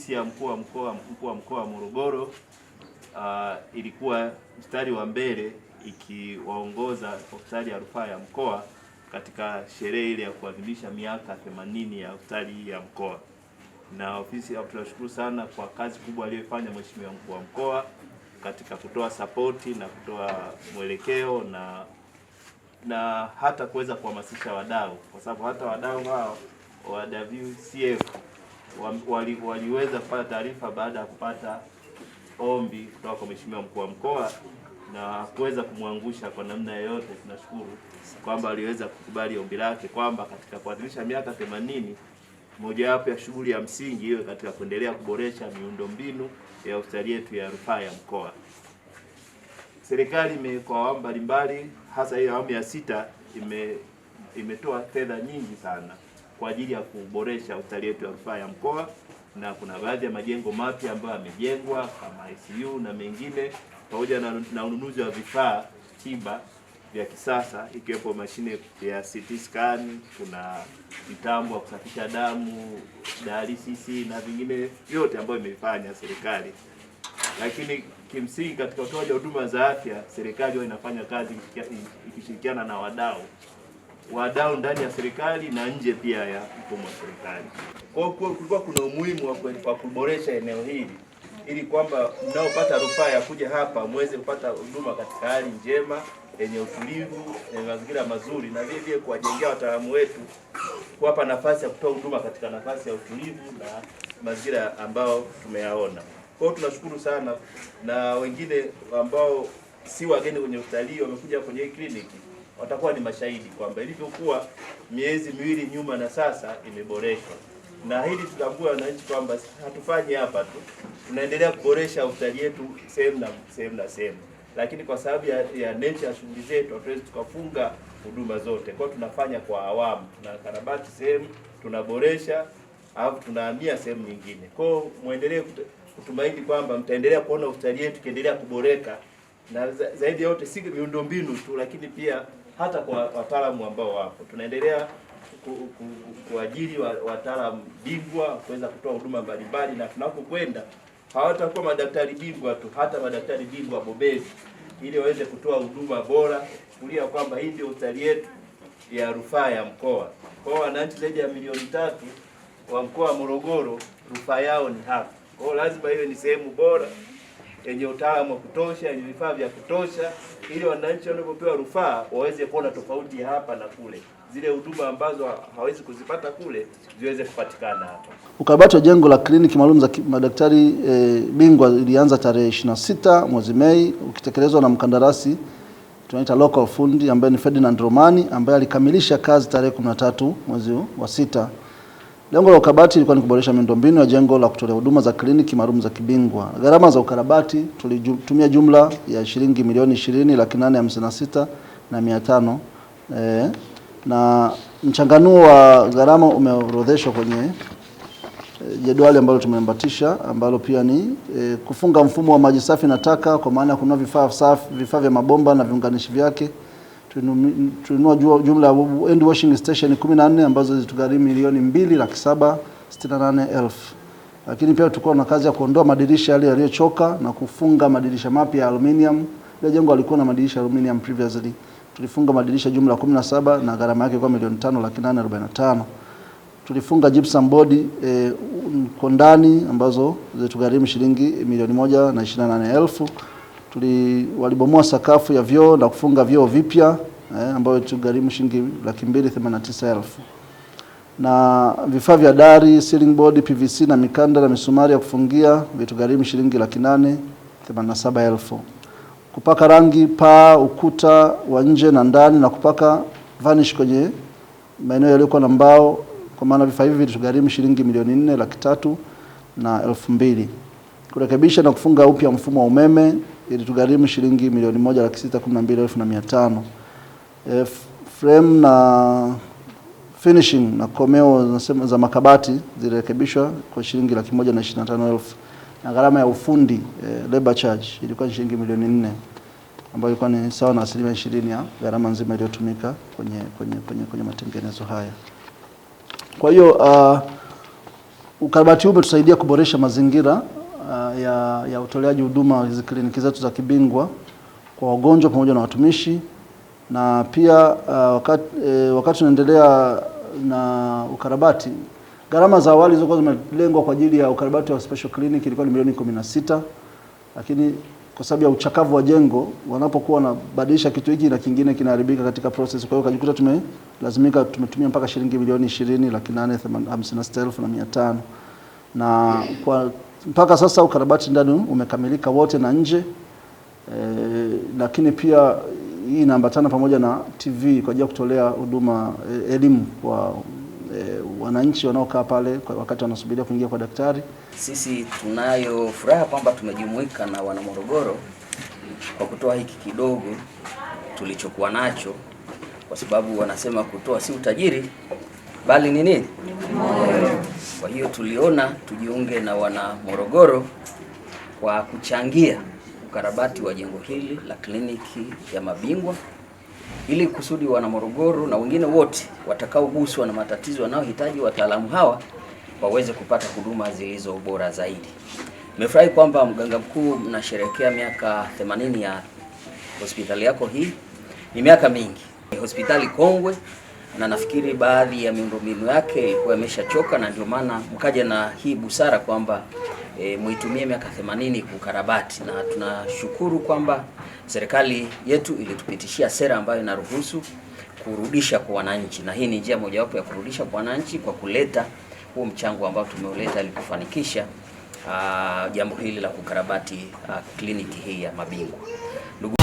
ofisi ya mkuu wa mkoa mkuu wa mkoa wa Morogoro uh, ilikuwa mstari wa mbele ikiwaongoza hospitali ya rufaa ya mkoa katika sherehe ile ya kuadhimisha miaka 80 ya hospitali ya mkoa. Na ofisi tunashukuru sana kwa kazi kubwa aliyofanya mheshimiwa mkuu wa mkoa katika kutoa sapoti na kutoa mwelekeo na na hata kuweza kuhamasisha wadau, kwa sababu hata wadau hao wa WCF waliweza kupata taarifa baada ya kupata ombi kutoka kwa Mheshimiwa mkuu wa mkoa na kuweza kumwangusha kwa namna yoyote. Tunashukuru kwamba aliweza kukubali ombi lake kwamba katika kuadhimisha miaka themanini, mojawapo ya shughuli ya msingi iwe katika kuendelea kuboresha miundombinu ya hospitali yetu ya rufaa ya mkoa. Serikali ime kwa awamu mbalimbali, hasa hii awamu ya sita, imetoa ime fedha nyingi sana kwa ajili ya kuboresha hospitali yetu ya rufaa ya mkoa, na kuna baadhi ya majengo mapya ambayo yamejengwa kama ICU na mengine, pamoja na ununuzi wa vifaa tiba vya kisasa ikiwepo mashine ya CT scan, kuna mtambo wa kusafisha damu, dialysis na vingine vyote ambayo imefanya serikali. Lakini kimsingi katika utoaji wa huduma za afya serikali huwa inafanya kazi ikishirikiana na wadau wadau ndani ya serikali na nje pia ya mfumo wa serikali. Kwa hiyo kulikuwa kuna umuhimu wa kuboresha eneo hili ili kwamba mnaopata rufaa ya kuja hapa muweze kupata huduma katika hali njema yenye utulivu yenye mazingira mazuri, na vile vile kuwajengea wataalamu wetu, kuwapa nafasi ya kutoa huduma katika nafasi ya utulivu na mazingira ambayo tumeyaona. Kwa hiyo tunashukuru sana, na wengine ambao si wageni kwenye utalii wamekuja kwenye hii kliniki watakuwa ni mashahidi kwamba ilivyokuwa miezi miwili nyuma na sasa imeboreshwa. Na hili tutambue wananchi kwamba hatufanyi hapa tu, tunaendelea kuboresha hospitali yetu sehemu na sehemu na sehemu, lakini kwa sababu ya, ya nature ya shughuli zetu hatuwezi tukafunga huduma zote. Kwa tunafanya kwa awamu, tunakarabati sehemu, tunaboresha au tunahamia sehemu nyingine. Kwa hiyo muendelee kutumaini kwamba mtaendelea kuona hospitali yetu ikiendelea kuboreka na zaidi ya yote si miundombinu tu, lakini pia hata kwa wataalamu ambao wapo. Tunaendelea kuajiri ku, ku, ku, wataalamu bingwa kuweza kutoa huduma mbalimbali, na tunapokwenda hawatakuwa madaktari bingwa tu, hata madaktari bingwa bobezi, ili waweze kutoa huduma bora, kulia kwamba hii ndio hospitali yetu ya rufaa ya mkoa. Kwa wananchi zaidi ya milioni tatu wa mkoa wa Morogoro, rufaa yao ni hapa. Kwa lazima hiyo ni sehemu bora yenye utaalamu wa kutosha, yenye vifaa vya kutosha, ili wananchi wanapopewa rufaa waweze kuona tofauti ya hapa na kule, zile huduma ambazo hawezi kuzipata kule ziweze kupatikana hapa. Ukarabati wa jengo la kliniki maalum za madaktari e, bingwa ilianza tarehe 26 mwezi Mei, ukitekelezwa na mkandarasi tunaita local fundi ambaye ni Ferdinand Romani ambaye alikamilisha kazi tarehe 13 mwezi wa sita. Lengo la ukarabati ilikuwa ni kuboresha miundombinu ya jengo la kutolea huduma za kliniki maalum za kibingwa. Gharama za ukarabati tulitumia jumla ya shilingi milioni ishirini laki nane hamsini na sita na mia tano e, na mchanganuo wa gharama umeorodheshwa kwenye e, jedwali ambalo tumeambatisha ambalo pia ni e, kufunga mfumo wa maji safi na taka kwa maana ya kununua vifaa safi, vifaa vya mabomba na viunganishi vyake tununua jumla ya end washing station 14 ambazo zilitugharimu milioni mbili laki saba sitini na nane elfu lakini pia tulikuwa na kazi ya kuondoa madirisha yale yaliyochoka na kufunga madirisha mapya ya aluminium. Ile jengo alikuwa na madirisha ya aluminium previously, tulifunga madirisha jumla 17 na gharama yake ilikuwa milioni 5 laki 845. Tulifunga gypsum board eh, kondani ambazo zilitugharimu shilingi milioni moja na 28 elfu tuli walibomoa sakafu ya vyoo na kufunga vyoo vipya eh, ambayo tugharimu shilingi laki mbili themanini na tisa elfu na vifaa vya dari, ceiling board, PVC na mikanda na misumari ya kufungia vitugharimu shilingi laki nane themanini na saba elfu. Kupaka rangi paa, ukuta wa nje na ndani na kupaka vanish kwenye maeneo yaliyokuwa na mbao, kwa maana vifaa hivi vitugharimu shilingi milioni nne laki tatu na elfu mbili. Kurekebisha na kufunga upya mfumo wa umeme ilitugharimu shilingi milioni moja laki sita kumi na mbili elfu na mia tano. E, frame na finishing na komeo za makabati zilirekebishwa kwa shilingi laki moja na ishirini na tano elfu na gharama ya ufundi e, labor charge ilikuwa shilingi milioni nne ambayo ilikuwa ni sawa na asilimia ishirini ya gharama nzima iliyotumika kwenye, kwenye, kwenye, kwenye matengenezo haya. Kwa hiyo uh, ukarabati huu umetusaidia kuboresha mazingira uh, ya, ya utoleaji huduma hizi kliniki zetu za kibingwa kwa wagonjwa pamoja na watumishi na pia uh, wakati, eh, wakati tunaendelea na ukarabati gharama za awali zilizokuwa zimelengwa kwa ajili ya ukarabati wa special clinic ilikuwa ni milioni 16, lakini kwa sababu ya uchakavu wa jengo wanapokuwa wanabadilisha kitu hiki na kingine kinaharibika katika process. Kwa hiyo kajikuta tumelazimika tumetumia mpaka shilingi milioni 20 laki nane hamsini na sita elfu na mia tano na kwa mpaka sasa ukarabati ndani umekamilika wote na nje e, lakini pia hii inaambatana pamoja na TV kwa ajili ya kutolea huduma e, elimu kwa e, wananchi wanaokaa pale kwa wakati wanasubiria kuingia kwa daktari. Sisi tunayo furaha kwamba tumejumuika na wanamorogoro kwa kutoa hiki kidogo tulichokuwa nacho, kwa sababu wanasema kutoa si utajiri bali ni nini? Kwa hiyo tuliona tujiunge na wana Morogoro kwa kuchangia ukarabati wa jengo hili la kliniki ya mabingwa ili kusudi wana Morogoro na wengine wote watakaoguswa na matatizo wanaohitaji wataalamu hawa waweze kupata huduma zilizo bora zaidi. Nimefurahi kwamba mganga mkuu, mnasherehekea miaka 80 ya hospitali yako hii. Ni miaka mingi, ni hospitali kongwe na nafikiri baadhi ya miundombinu yake ilikuwa imeshachoka, na ndio maana mkaja na hii busara kwamba e, muitumie miaka 80 kukarabati, na tunashukuru kwamba serikali yetu ilitupitishia sera ambayo inaruhusu kurudisha kwa wananchi, na hii ni njia mojawapo ya kurudisha kwa wananchi kwa kuleta huo mchango ambao tumeuleta ili kufanikisha jambo hili la kukarabati kliniki hii ya mabingwa Lugu